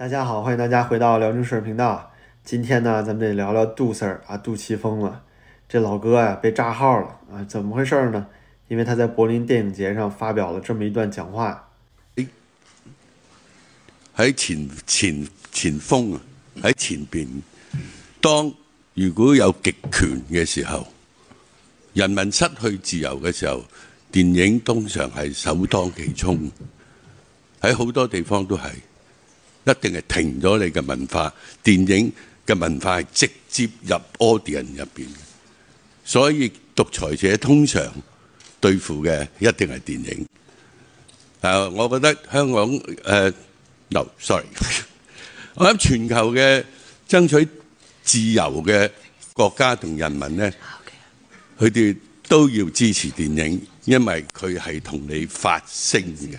大家好，歡迎大家回到聊正事兒頻道。今天呢，咱們得聊聊杜 Sir 啊，杜琪峰了。這老哥呀、啊，被炸號了啊，怎麼回事呢？因為他在柏林電影節上發表了這麼一段講話：“喺前前前，前鋒，喺前邊，當如果有極權嘅時候，人民失去自由嘅時候，電影通常係首當其衝，喺好多地方都係。”一定係停咗你嘅文化，電影嘅文化係直接入 audience 入邊嘅，所以獨裁者通常對付嘅一定係電影。誒，我覺得香港誒，no，sorry，我諗全球嘅爭取自由嘅國家同人民呢，佢哋都要支持電影，因為佢係同你發聲嘅。